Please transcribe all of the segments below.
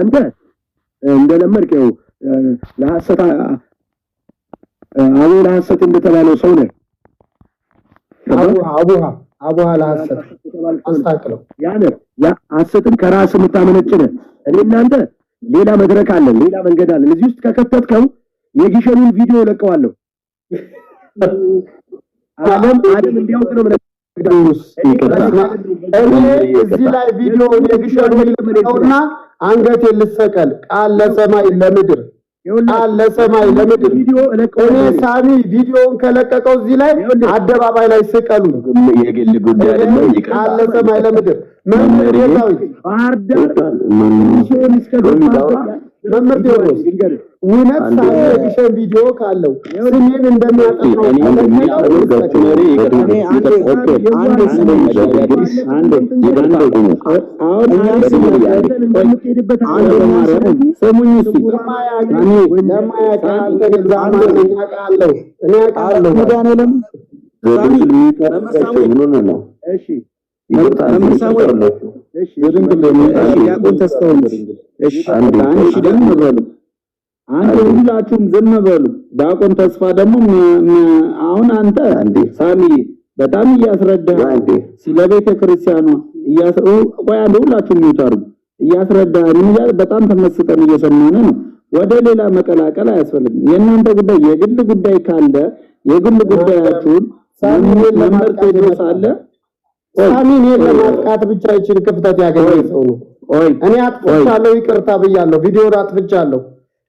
አንተ እንደለመድክ ያው ለሐሰት አቡ ለሐሰት እንደተባለው ሰው ነህ። አቡሃ አቡሃ ለሐሰት አስተካክለው ያነ ሐሰትን ከራስ የምታመነጭ ነህ። እኔ እናንተ ሌላ መድረክ አለን፣ ሌላ መንገድ አለን። እዚህ ውስጥ ከከተትከው የጊሸኑን ቪዲዮ ለቀዋለሁ። አለም አለም እንዲያውቅ ነው እዚህ ላይ ቪዲዮ የግሸኑን ለቀውና አንገቴ ልሰቀል ቃል ለሰማይ ለምድር ቃል ለሰማይ ለምድር። እኔ ሳሚ ቪዲዮውን ከለቀቀው እዚህ ላይ አደባባይ ላይ ስቀሉ። የግል ጉዳይ አይደለም። ቃል ለሰማይ ለምድር መምህር ዳዊት ባህር ዳር ሚሽን እስከ መምህር ቴዎድሮስ ውነት ሳይሸን ቪዲዮ ካለው ስሜን እንደሚያጠፋው በድንግል ዲያቆን አንድ ሁላችሁም ዝም በሉ። ዲያቆን ተስፋ ደግሞ አሁን አንተ ሳሚ በጣም እያስረዳህ ስለ ቤተ ክርስቲያኗ እያስሩ ቆይ፣ አንድ ሁላችሁም ይታሩ እያስረዳህን በጣም ተመስጠን እየሰማን ነው። ወደ ሌላ መቀላቀል አያስፈልግም። የእናንተ ጉዳይ የግል ጉዳይ ካለ የግል ጉዳያችሁን ሳሚ ለማርጥ ይደርሳለ ሳሚን ለማጥቃት ብቻ ይችን ክፍተት ያገኘ ሰው ነው። እኔ አጥፍቻለሁ፣ ይቅርታ ብያለሁ፣ ቪዲዮን አጥፍቻለሁ።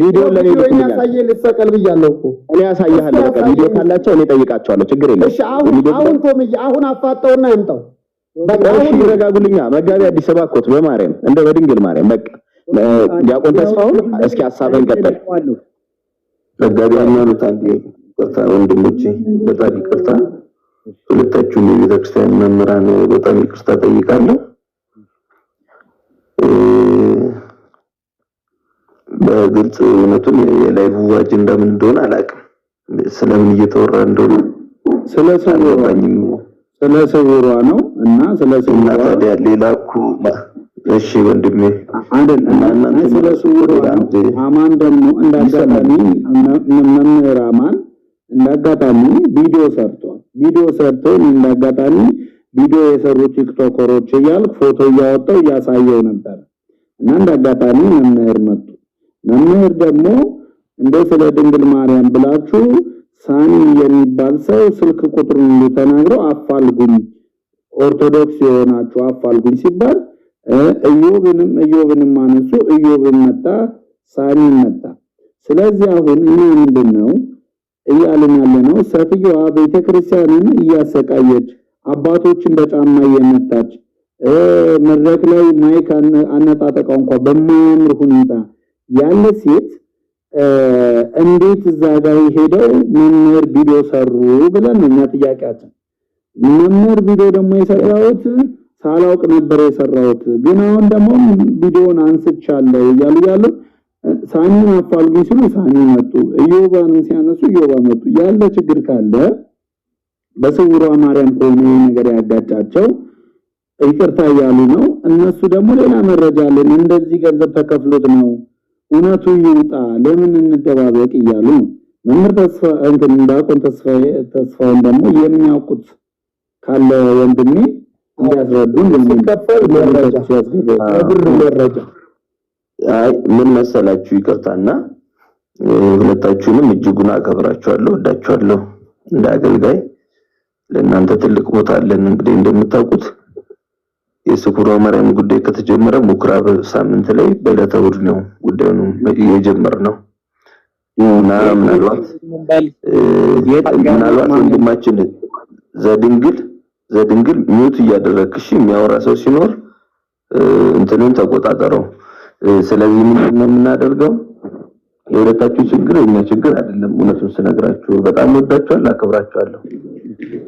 ቪዲዮ ለኔ ልኩልኝ ልሰቀል ብያለሁ እኮ እኔ አሳያለሁ። በቃ ቪዲዮ ካላቸው እኔ ጠይቃቸዋለሁ። ችግር የለም። እሺ አሁን አሁን ቶምዬ አሁን አፋጠውና ያምጣው። በቃ አሁን ይረጋጉልኛ። መጋቢ አዲስ አበባ እኮ በማርያም እንደ በድንግል ማርያም በቃ ዲያቆን ተስፋውን እስኪ ሀሳብህን ቀጥል። መጋቢ ሃይማኖት አንዴ ይቅርታ፣ ወንድሞቼ በጣም ይቅርታ። ሁለታችሁም የቤተክርስቲያን መምህራን በጣም ይቅርታ ጠይቃለሁ። በግልጽ እውነቱን የላይቭ አጀንዳ ምን እንደሆነ አላውቅም። ስለምን እየተወራ እንደሆነ ስለ ሰውሯ ነው እና ስለ ሰውሯ ታዲያ ሌላ እኮ እሺ ወንድሜ አይደል? ስለ ሰውሯ አማን ደግሞ እንዳጋጣሚ መምህር አማን እንዳጋጣሚ ቪዲዮ ሰርቷል። ቪዲዮ ሰርቶ እንዳጋጣሚ ቪዲዮ የሰሩ ቲክቶከሮች እያልክ ፎቶ እያወጣው እያሳየው ነበር እና እንዳጋጣሚ መምህር መጡ መምህር ደግሞ እንደ ስለ ድንግል ማርያም ብላችሁ ሳኒ የሚባል ሰው ስልክ ቁጥሩን ተናግረው አፋልጉኝ፣ ኦርቶዶክስ የሆናችሁ አፋልጉኝ ሲባል እዮብንም እዮብንም አነሱ። እዮብን መጣ፣ ሳኒ መጣ። ስለዚህ አሁን እኔ ምንድን ነው እያልን ያለ ነው? ሴትዮዋ ቤተክርስቲያንን እያሰቃየች አባቶችን በጫማ እየመታች መድረክ ላይ ማይክ አነጣጠቃ እንኳ በማያምር ሁኔታ ያለ ሴት እንዴት እዛ ጋር ሄደው መምህር ቪዲዮ ሰሩ ብለን እኛ ጥያቄያችን። መምህር ቪዲዮ ደግሞ የሰራሁት ሳላውቅ ነበር የሰራሁት፣ ግን አሁን ደግሞ ቪዲዮን አንስቻለሁ እያሉ ያሉ ሳኒን አፋልጉኝ ሲሉ ሳሚ መጡ፣ እዮባን ሲያነሱ እዮባ መጡ። ያለ ችግር ካለ በስውሯ ማርያም ከሆነ ነገር ያጋጫቸው ይቅርታ እያሉ ነው። እነሱ ደግሞ ሌላ መረጃ አለን እንደዚህ ገንዘብ ተከፍሎት ነው እውነቱ ይውጣ ለምን እንደባበቅ እያሉ መምህር ተስፋ እንትን ዲያቆን ተስፋውን ደግሞ የሚያውቁት ካለ ወንድሜ እንዲያስረዱ መረጃ አይ ምን መሰላችሁ ይቅርታና ሁለታችሁንም እጅጉን አከብራችኋለሁ ወዳችኋለሁ እንደ አገልጋይ ለእናንተ ትልቅ ቦታ አለን እንግዲህ እንደምታውቁት የሰኩራ ማርያም ጉዳይ ከተጀመረ ምኩራብ ሳምንት ላይ በዕለተ እሑድ ነው ጉዳዩን የጀመርነው እና ምናልባት ምናልባት ወንድማችን ዘድንግል ዘድንግል ሚውት እያደረግሽ የሚያወራ ሰው ሲኖር እንትንን ተቆጣጠረው። ስለዚህ ምንድን ነው የምናደርገው? የሁለታችሁ ችግር የኛ ችግር አይደለም። እውነቱን ስነግራችሁ በጣም ወዳችኋል፣ አክብራችኋለሁ።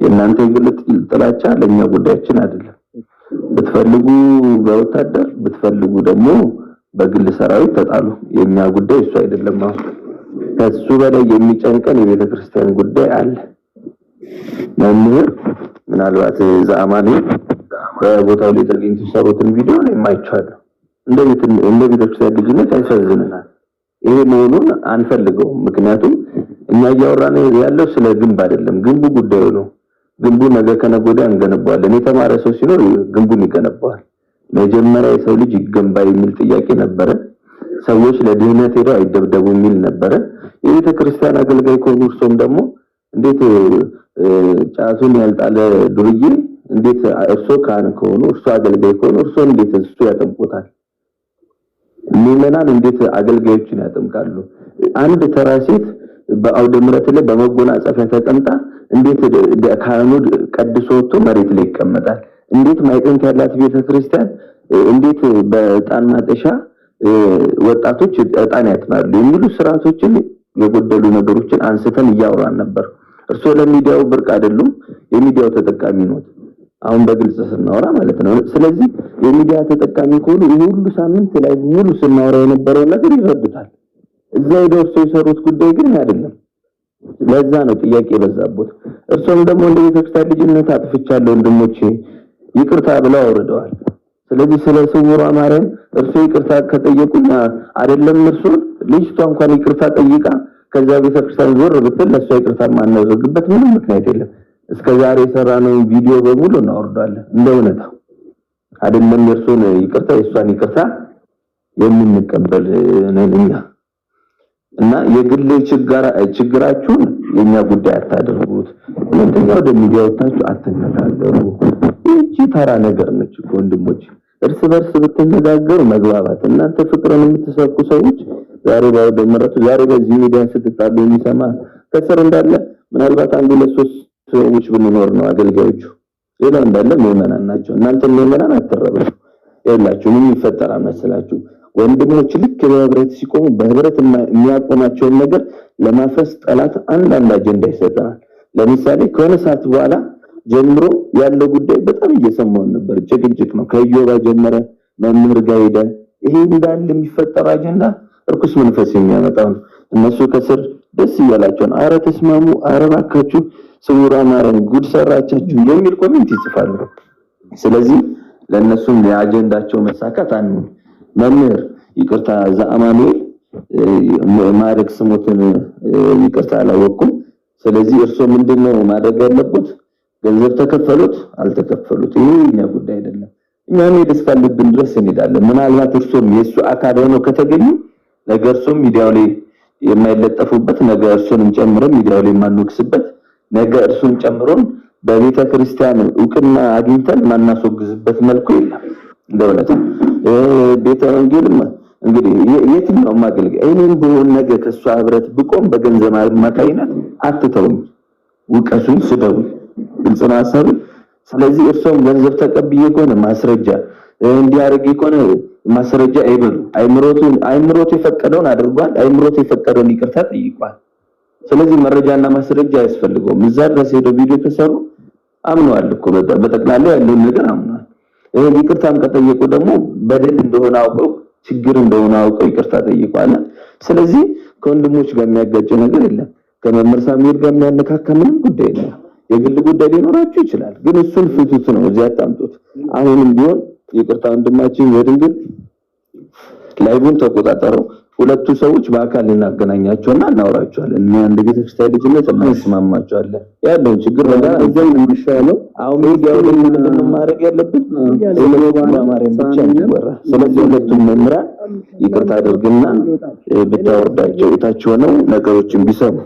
የእናንተ የግል ጥላቻ ለእኛ ጉዳያችን አይደለም። ብትፈልጉ በወታደር ብትፈልጉ ደግሞ በግል ሰራዊት ተጣሉ። የኛ ጉዳይ እሱ አይደለም። ከሱ በላይ የሚጨንቀን የቤተ ክርስቲያን ጉዳይ አለ። መምህር ምናልባት ዘአማኒ በቦታው ላይ ተገኝቶ ሰሩትን ቪዲዮ ላይ ማይቻለ እንደ ቤተ ክርስቲያን ልጅነት ያሳዝንናል ይሄ መሆኑን አንፈልገውም። ምክንያቱም እኛ እያወራን ያለው ስለ ግንብ አይደለም፣ ግንቡ ጉዳዩ ነው። ግንቡ ነገ ከነጎዳ እንገነባዋለን የተማረ ሰው ሲኖር ግንቡን ይገነባዋል። መጀመሪያ የሰው ልጅ ይገንባ የሚል ጥያቄ ነበረ። ሰዎች ለድህነት ሄደው አይደብደቡ የሚል ነበረ። የቤተ ክርስቲያን አገልጋይ ከሆኑ እርሶም ደግሞ እንዴት ጫቱን ያልጣለ ዱርዬ እንዴት እርሶ ካህን ከሆኑ እርሶ አገልጋይ ከሆኑ እርሶ እንዴት እሱ ያጠምቁታል? ምዕመናን እንዴት አገልጋዮችን ያጠምቃሉ? አንድ ተራ ሴት በአውደ ምሕረት ላይ በመጎናጸፊያ ተቀምጣ እንዴት ካህኑ ቀድሶ ወጥቶ መሬት ላይ ይቀመጣል? እንዴት ማይጠንት ያላት ቤተክርስቲያን እንዴት በእጣን ማጠሻ ወጣቶች እጣን ያጥናሉ? የሚሉ ስርዓቶችን የጎደሉ ነገሮችን አንስተን እያወራን ነበር። እርስዎ ለሚዲያው ብርቅ አይደሉም፣ የሚዲያው ተጠቃሚ ነው። አሁን በግልጽ ስናወራ ማለት ነው። ስለዚህ የሚዲያ ተጠቃሚ ከሆኑ ይህ ሁሉ ሳምንት ላይ ሙሉ ስናወራ የነበረውን ነገር ይረዱታል። እዛ ሄደው እርስዎ የሰሩት ጉዳይ ግን አይደለም። ለዛ ነው ጥያቄ የበዛበት። እርሶም ደግሞ እንደ ቤተክርስቲያን ልጅነት አጥፍቻለሁ ወንድሞቼ ይቅርታ ብለው አውርደዋል። ስለዚህ ስለ ስውሯ ማርያም እርሶ ይቅርታ ከጠየቁና አይደለም እርሱ ልጅቷ እንኳን ይቅርታ ጠይቃ ከዛ ቤተክርስቲያን ዞር ብትል ለእሷ ይቅርታ ማናደርግበት ምንም ምክንያት የለም። እስከ ዛሬ የሰራነውን ቪዲዮ በሙሉ እናወርዳለን። እንደ እውነታው አይደለም የእርሶን ይቅርታ የእሷን ይቅርታ የምንቀበል ነን እኛ። እና የግል ችግራችሁን የኛ ጉዳይ አታደርጉት። ሁለተኛ ወደ ሚዲያ ወጣችሁ አትነጋገሩ። ይህቺ ተራ ነገር ነች እኮ ወንድሞች፣ እርስ በርስ ብትነጋገሩ መግባባት። እናንተ ፍቅርን የምትሰብኩ ሰዎች ዛሬ ባው ደምረቱ ዛሬ በዚህ ሚዲያ ስትጣሉ የሚሰማ ከስር እንዳለ ምናልባት አንድ ሁለት ሶስት ሰዎች ብንኖር ነው አገልጋዮቹ፣ ሌላ እንዳለ ምዕመናን ናቸው። እናንተ ምዕመናን አትረበሹ። ምን የሚፈጠር አመስላችሁ ወንድሞች ልክ በህብረት ሲቆሙ በህብረት የሚያቆማቸውን ነገር ለማፈስ ጠላት አንዳንድ አጀንዳ ይሰጠናል። ለምሳሌ ከሆነ ሰዓት በኋላ ጀምሮ ያለው ጉዳይ በጣም እየሰማውን ነበር። ጭቅጭቅ ነው። ከዮባ ጀመረ፣ መምህር ጋር ይሄ እንዳለ የሚፈጠረው አጀንዳ እርኩስ መንፈስ የሚያመጣው ነው። እነሱ ከስር ደስ እያላቸውን አረ ተስማሙ፣ አረ እባካችሁ ስውራ ማረን ጉድ ሰራቻችሁ የሚል ኮሜንት ይጽፋሉ። ስለዚህ ለእነሱም የአጀንዳቸው መሳካት አንዱ መምህር ይቅርታ እዛ ማድረግ ስሙትን ይቅርታ አላወቅኩም። ስለዚህ እርሶ ምንድነው ማድረግ ያለበት? ገንዘብ ተከፈሉት አልተከፈሉት ይሄ ጉዳይ አይደለም። እኛ መሄድ እስካለብን ድረስ እንሄዳለን። ምናልባት እርሶም የእሱ አካል ሆነው ከተገኙ ነገ እርሶም ሚዲያው ላይ የማይለጠፉበት ነገ እርሱንም ጨምሮ ሚዲያው ላይ የማንወቅስበት ነገ እርሱን ጨምሮን በቤተ ክርስቲያን እውቅና አግኝተን ማናስወግዝበት መልኩ የለም። በእውነት ቤተ ወንጌልማ እንግዲህ የትኛውም አገልጋይ እኔም ብሆን ነገ ከእሷ ህብረት ብቆም በገንዘብ አማካኝነት አትተውኝ፣ ውቀሱኝ፣ ስደቡኝ። ግልጽ ነው ሀሳብ። ስለዚህ እርሶም ገንዘብ ተቀብዬ ከሆነ ማስረጃ እንዲያደርግ ከሆነ ማስረጃ አይበሉ። አይምሮቱን አይምሮቱ የፈቀደውን አድርጓል። አይምሮቱ የፈቀደውን ይቅርታ ጠይቋል። ስለዚህ መረጃና ማስረጃ አያስፈልገውም። እዛ ድረስ ሄደው ቪዲዮ ከሰሩ አምነዋል እኮ በጠቅላላ ያለውን ነገር አምነዋል። ይሄን ይቅርታም ከጠየቁ ደግሞ በደል እንደሆነ አውቀው ችግር እንደሆነ አውቀው ይቅርታ ጠይቋለ። ስለዚህ ከወንድሞች ጋር የሚያጋጭ ነገር የለም። ከመምህር ሳሙኤል ጋር የሚያነካካ ምንም ጉዳይ የለም። የግል ጉዳይ ሊኖራችሁ ይችላል፣ ግን እሱን ፍቱት ነው፣ እዚህ አጣምጡት። አሁንም ቢሆን ይቅርታ ወንድማችን ዘድንግል ላይቡን ተቆጣጠረው። ሁለቱ ሰዎች በአካል ልናገናኛቸውና እናውራቸዋለን። እኛ አንድ ቤተክርስቲያን ልጅነት እናስማማቸዋለን። ያለውን ችግር በጋራ እዛው የሚሻለው አሁን ሚዲያው ምንድን ማድረግ ያለብን ማርያም ብቻ እንዲወራ። ስለዚህ ሁለቱም መምህራን ይቅርታ አድርግና ብታወርዳቸው የታች ሆነው ነገሮችን ቢሰሙ